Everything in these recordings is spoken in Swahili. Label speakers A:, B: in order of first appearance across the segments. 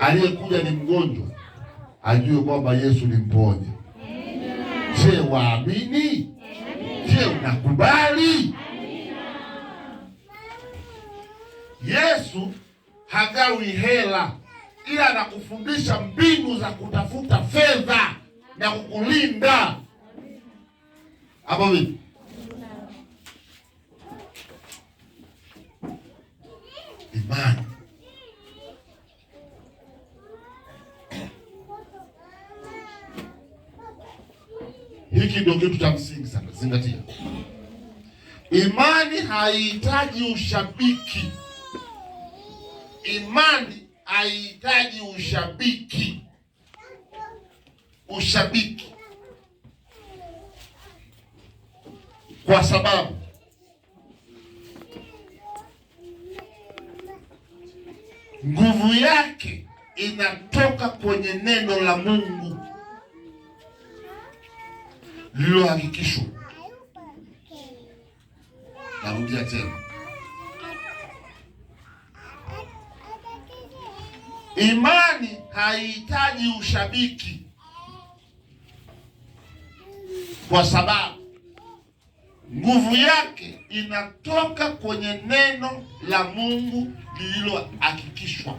A: aliyekuja ni mgonjwa, ajue kwamba Yesu ni mponye. Je, waamini? Je, unakubali? Yesu hagawi hela, ila anakufundisha mbinu za kutafuta fedha na kukulinda. Hapo vipi? Imani hiki ndio kitu cha msingi sana, zingatia. Imani haihitaji ushabiki, imani haihitaji ushabiki. Ushabiki kwa sababu nguvu yake inatoka kwenye neno la Mungu lililohakikishwa. Narudia tena, imani haihitaji ushabiki, kwa sababu nguvu yake inatoka kwenye neno la Mungu lililohakikishwa.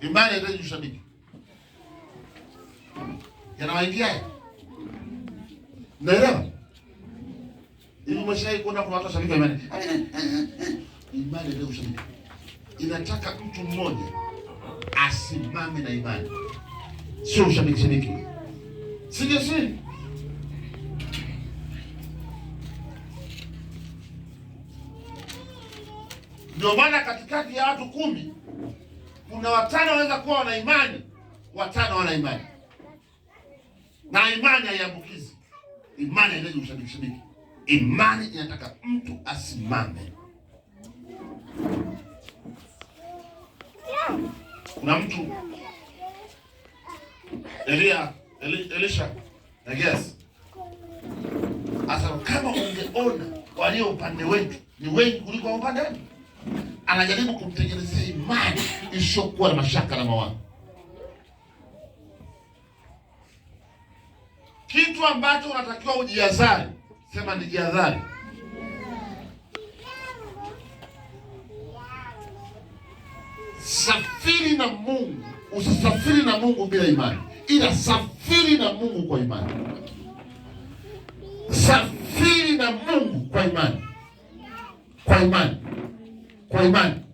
A: Imani haihitaji ushabiki yanawaingia naelewa hivi. Mwashai kuona kuna watu washabiki imani? Ah, eh, eh, eh. Imani ndio ushabiki, inataka mtu mmoja asimame na imani, sio ushabiki shabiki, sivyo? Si ndio maana katikati ya watu kumi kuna watano wanaweza kuwa wana imani, watano wana imani na imani haiambukizi. Imani haitaji ushabiki shabiki, imani inataka mtu asimame. Kuna mtu Elia Eli, Elisha Nagesi Asa kama ungeona walio upande wetu ni wengi kuliko upande wetu. Anajaribu kumtengenezea imani isiyokuwa na mashaka na mawazo kitu ambacho unatakiwa ujiadhari, sema nijiadhari. Safiri na Mungu, usisafiri na Mungu bila imani, ila safiri na Mungu kwa imani. Safiri na Mungu kwa imani, kwa imani, kwa imani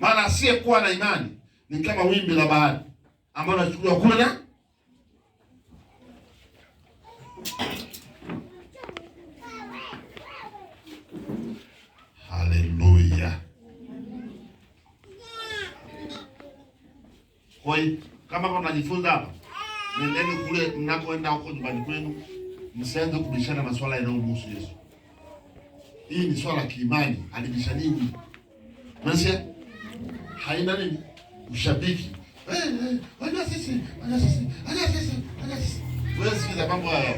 A: Maana asiyekuwa na imani ni kama wimbi la bahari ambalo linachukuliwa kuna Haleluya. Kwa hiyo kama kwa mnajifunza hapa, nendeni kule mnakoenda huko nyumbani kwenu, msianze kubishana masuala yanayomhusu Yesu. Hii ni swala kiimani, alibisha nini? Nasikia? haina nini ushabiki. Eh, eh, sisi, sisi, sisi, sisi. Wewe sikiza mambo haya,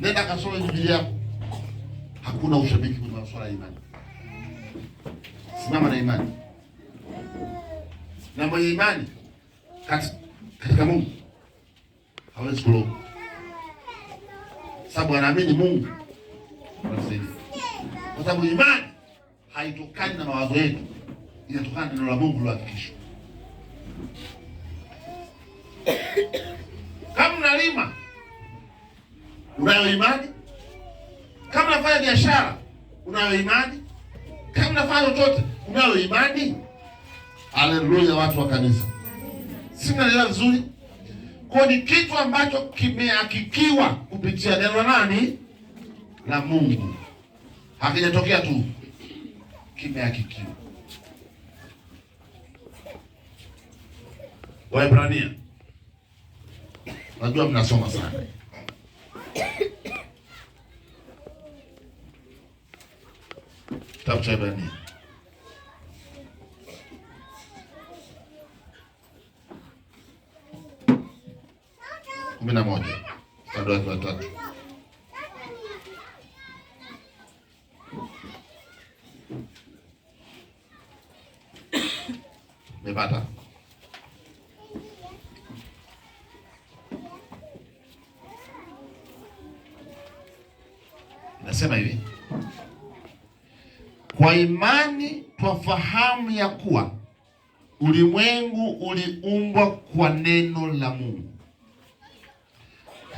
A: nenda kasome Biblia yako. Hakuna ushabiki kwenye masuala ya imani. Simama na imani na mwenye imani katika Mungu hawezi kuloga, sababu anaamini Mungu kwa sababu imani haitokani na mawazo yetu inatokana neno la Mungu lohakikishwa. Kama unalima unayo imani, kama unafanya biashara unayo imani, kama unafanya chochote unayo imani. Haleluya, watu wa kanisa, si mnaelewa vizuri? Kwa ni kitu ambacho kimehakikiwa kupitia neno nani la Mungu, hakijatokea tu, kimehakikiwa. Waebrania, najua mnasoma sana. Kitabu cha Waebrania kumi na moja mstari wa tatu. Nasema hivi, kwa imani twafahamu ya kuwa ulimwengu uliumbwa kwa neno la Mungu,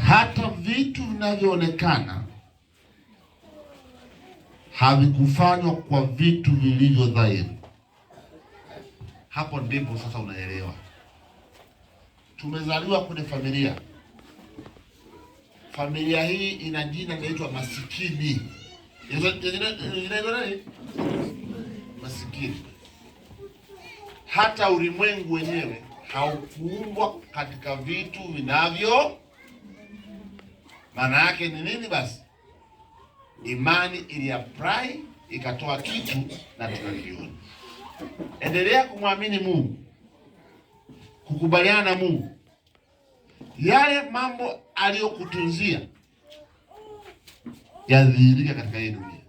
A: hata vitu vinavyoonekana havikufanywa kwa vitu vilivyo dhahiri. Hapo ndipo sasa unaelewa tumezaliwa kwenye familia familia hii ina jina linaitwa masikini. Masikini. Hata ulimwengu wenyewe haukuumbwa katika vitu vinavyo. Maana yake ni nini? Basi imani apply ikatoa kitu na tunakiona. Endelea kumwamini Mungu, kukubaliana na Mungu, yale mambo aliyokutunzia yadhihirika katika hii dunia,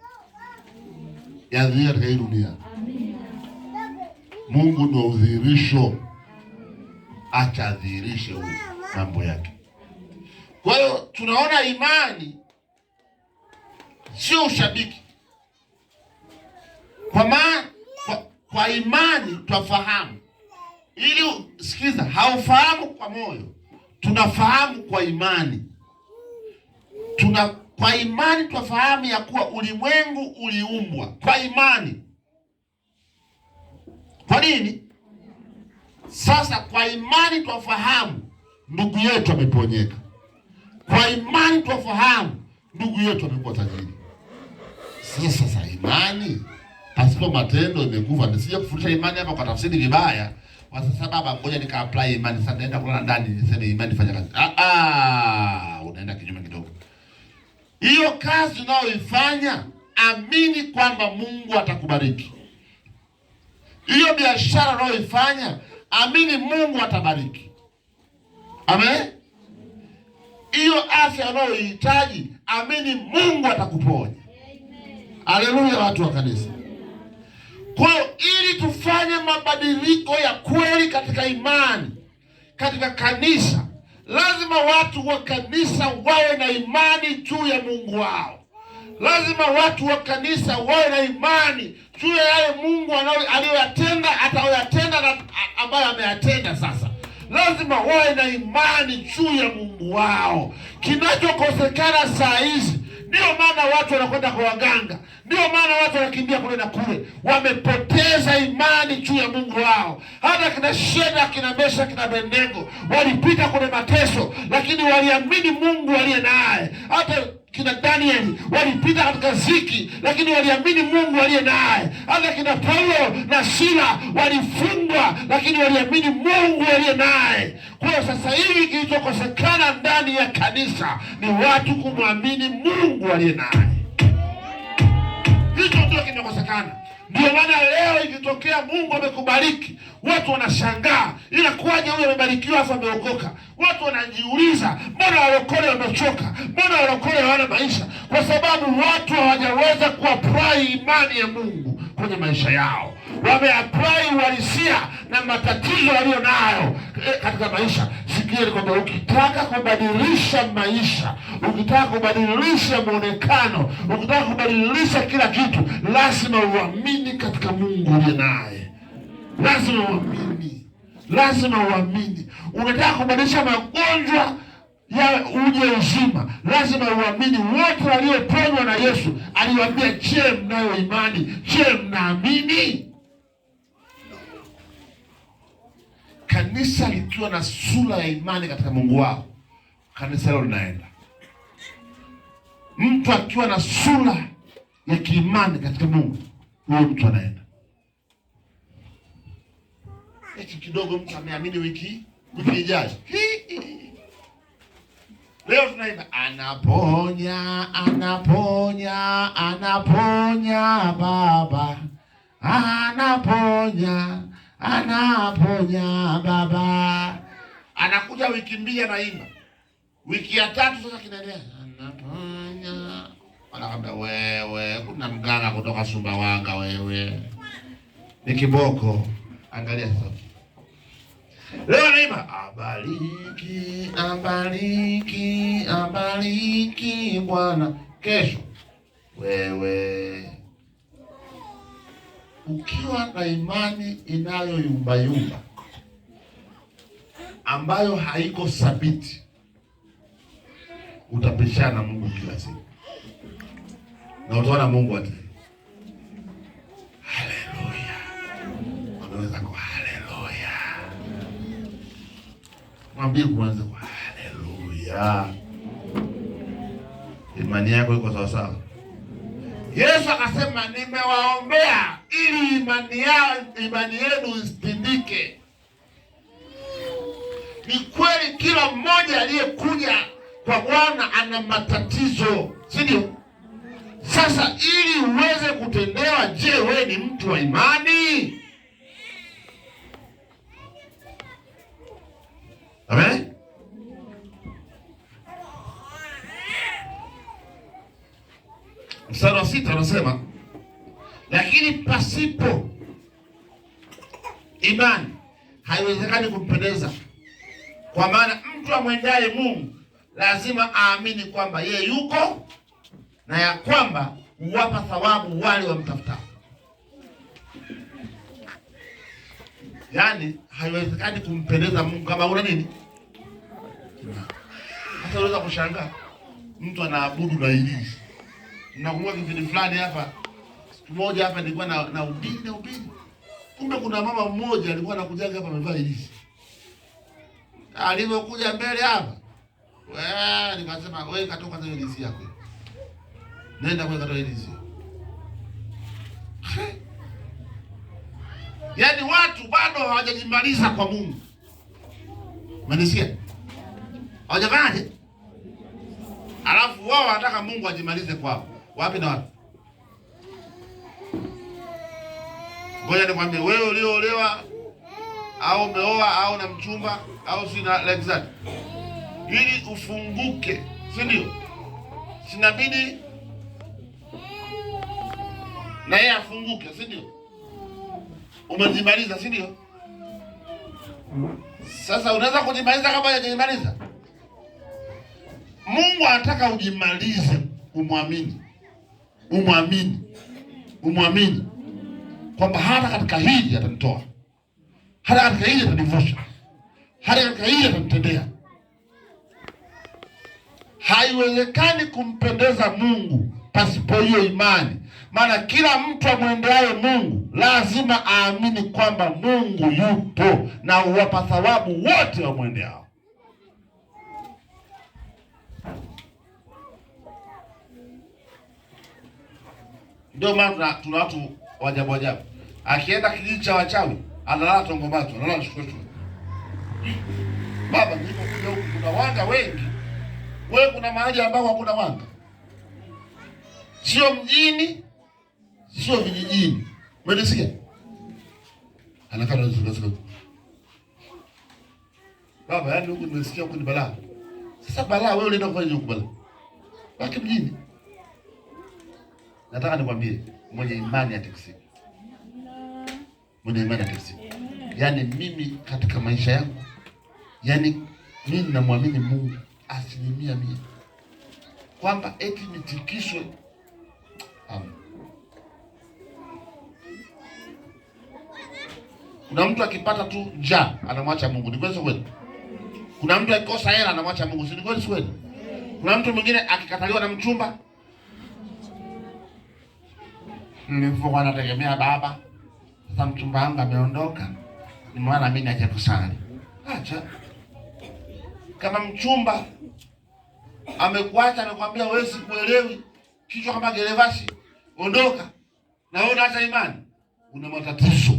A: yadhihirika katika hii dunia. Mungu ndio udhihirisho, acha adhihirishe mambo yake. Kwa hiyo tunaona imani sio ushabiki, kwa ma, kwa, kwa imani twafahamu, ili sikiza, haufahamu kwa moyo tunafahamu kwa imani tuna, kwa imani tunafahamu ya kuwa ulimwengu uliumbwa kwa imani. Kwa nini? Sasa kwa imani twafahamu ndugu yetu ameponyeka. Kwa imani twafahamu ndugu yetu amekuwa tajiri. Sasa sasa imani pasipo matendo imekufa. Nisije kufundisha imani hapa kwa tafsiri vibaya. Sasa baba, ngoja nika apply imani sasa, naenda kulala ndani niseme imani fanya kazi. Ah ah, unaenda kinyume kidogo. Hiyo kazi unayoifanya, amini kwamba Mungu atakubariki. Hiyo biashara unayoifanya, amini Mungu atabariki. Amen. Hiyo afya unayoihitaji, amini Mungu atakuponya. Haleluya, watu wa kanisa. Kwa hiyo ili tufanye mabadiliko ya kweli katika imani katika kanisa, lazima watu wa kanisa wawe na imani juu ya Mungu wao. Lazima watu wa kanisa wawe na imani juu ya yale Mungu aliyoyatenda, atayoyatenda na ambayo ameyatenda sasa. Lazima wawe na imani juu ya Mungu wao. Kinachokosekana saa hizi Ndiyo maana watu wanakwenda kwa waganga, ndiyo maana watu wanakimbia kule na kule. Wamepoteza imani juu ya Mungu wao. Hata kina Sheda, kina Mesha, kina bendego walipita kule mateso, lakini waliamini Mungu aliye naye hata kina Danieli walipita katika ziki, lakini waliamini Mungu aliye naye. Hata kina Paulo na Sila walifungwa, lakini waliamini Mungu aliye naye. Kwa sasa hivi kilichokosekana ndani ya kanisa ni watu kumwamini Mungu aliye naye, hicho ndio kinakosekana. Ndio maana leo ikitokea Mungu amekubariki watu wanashangaa, inakuwaje huyo amebarikiwa afu ameokoka? Watu wanajiuliza, mbona walokole wamechoka? Mbona walokole hawana maisha? Kwa sababu watu hawajaweza kuapply imani ya Mungu kwenye maisha yao, wameapply uhalisia na matatizo walionayo eh, katika maisha nisikie ni kwamba ukitaka kubadilisha maisha, ukitaka kubadilisha mwonekano, ukitaka kubadilisha kila kitu, lazima uamini katika Mungu uliye naye. Lazima uamini, lazima uamini. Unataka kubadilisha magonjwa ya uje uzima, lazima uamini. Wote walioponywa na Yesu aliwaambia, je, mnayo imani? Je, mnaamini? kanisa likiwa na sura ya imani katika Mungu wao, kanisa hilo linaenda. Mtu akiwa na sura ya kiimani katika Mungu, huyo mtu anaenda. Eti kidogo mtu ameamini wiki wiki ijayo, leo tunaenda, anaponya anaponya anaponya, baba anaponya anaponya baba. Anakuja wiki mbili anaimba, wiki ya tatu sasa kinaendelea, anaponya wala wewe, kuna mganga kutoka Sumbawanga wewe ni kiboko. Angalia sasa Leo anaimba abariki, abariki, abariki Bwana. Kesho wewe ukiwa na imani inayoyumbayumba ambayo haiko thabiti, utapishana na Mungu kila siku na utaona Mungu ati haleluya, unaweza kwa haleluya, mwambie kuanza kwa haleluya. Imani yako iko sawasawa. Yesu akasema nimewaombea ili imani imani yenu isindike. Ni kweli kila mmoja aliyekuja kwa Bwana ana matatizo, si ndio? Sasa ili uweze kutendewa, je, wewe ni mtu wa imani? Amen. Mstari wa sita anasema lakini pasipo imani haiwezekani kumpendeza, kwa maana mtu amwendaye Mungu lazima aamini kwamba yeye yuko na ya kwamba huwapa thawabu wale wamtafuta. Yaani haiwezekani kumpendeza Mungu kama una nini? Hata unaweza kushangaa mtu anaabudu na ilizi, Nakumbuka kipindi fulani hapa mmoja hapa nilikuwa na, na ubini na ubini. Kumbe kuna mama mmoja alikuwa anakuja hapa amevaa hizi. Alipokuja mbele hapa, wewe nikasema wewe katoka kwanza hizi yako. Nenda kwa katoa hizi. Yaani watu bado hawajajimaliza kwa Mungu. Manisikia? Hawajafanyaje? Alafu wao wanataka Mungu ajimalize kwao. Wapi na wapi? Ngoja nikwambie wewe ulioolewa au umeoa au na mchumba au si na like that, ili ufunguke, si ndio? Sinabidi na yeye afunguke, si ndio? Umejimaliza, si ndio? Sasa unaweza kujimaliza kama hujajimaliza. Mungu anataka ujimalize, umwamini, umwamini, umwamini kwamba hata katika hili atanitoa, hata katika hili atanivusha, hata katika hili atanitendea. Haiwezekani kumpendeza Mungu pasipo hiyo imani, maana kila mtu amwendeaye Mungu lazima aamini kwamba Mungu yupo na uwapa thawabu wote wamwendeao. Ndio maana tuna watu wajabu wajabu. Akienda kijiji cha wachawi analala tongomato, analala shukushu. Baba, nipo kuja huku kuna wanga wengi. Wewe kuna mahali ambao hakuna wanga. Sio mjini, sio vijijini. Umenisikia? Anakaa na zuka Baba, yani huku nimesikia huku ni balaa. Sasa balaa wewe unaenda kufanya huku balaa. Baki mjini. Nataka nikwambie mwenye imani atakisibu, mwenye imani atakisibu. Yaani mimi katika maisha yangu, yaani mimi namwamini Mungu asilimia mia kwamba eti nitikiswe Amen. Kuna mtu akipata tu njaa anamwacha Mungu, ni kweli si kweli? Kuna mtu akikosa hela anamwacha Mungu, si ni kweli si kweli? Kuna mtu mwingine akikataliwa na mchumba nilivyokuwa nategemea baba. Sasa mchumba wangu ameondoka, nimeona mimi acha kusali. Acha kama mchumba amekuacha nakwambia, wewe sikuelewi kichwa kama gerevashi, ondoka na wewe unaacha imani. Una matatizo,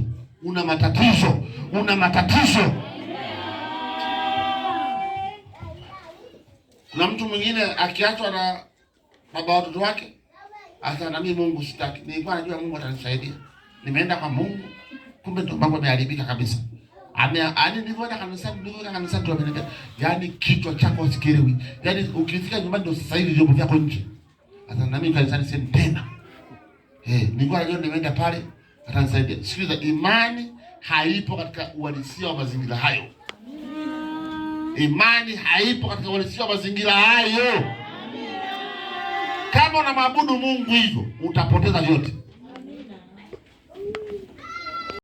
A: una matatizo, una matatizo. Na mtu mwingine akiachwa na baba watoto wake Asa na mimi Mungu sitaki. Nilikuwa najua Mungu atanisaidia. Nimeenda kwa Mungu, kumbe ndo mambo yameharibika kabisa. Ame ani ndivyo na kanisa, ndivyo na kanisa ndo amenenda. yaani kichwa chako sikiriwi. Yaani ukifika nyumbani ndio sasa hivi vyombo vyako nje. Asa na mimi kanisa nisem tena. Eh, nilikuwa najua nimeenda pale atanisaidia. Sikiza, imani haipo katika uhalisia wa mazingira hayo. Imani haipo katika uhalisia wa mazingira hayo. Kama unamwabudu Mungu hivyo utapoteza vyote.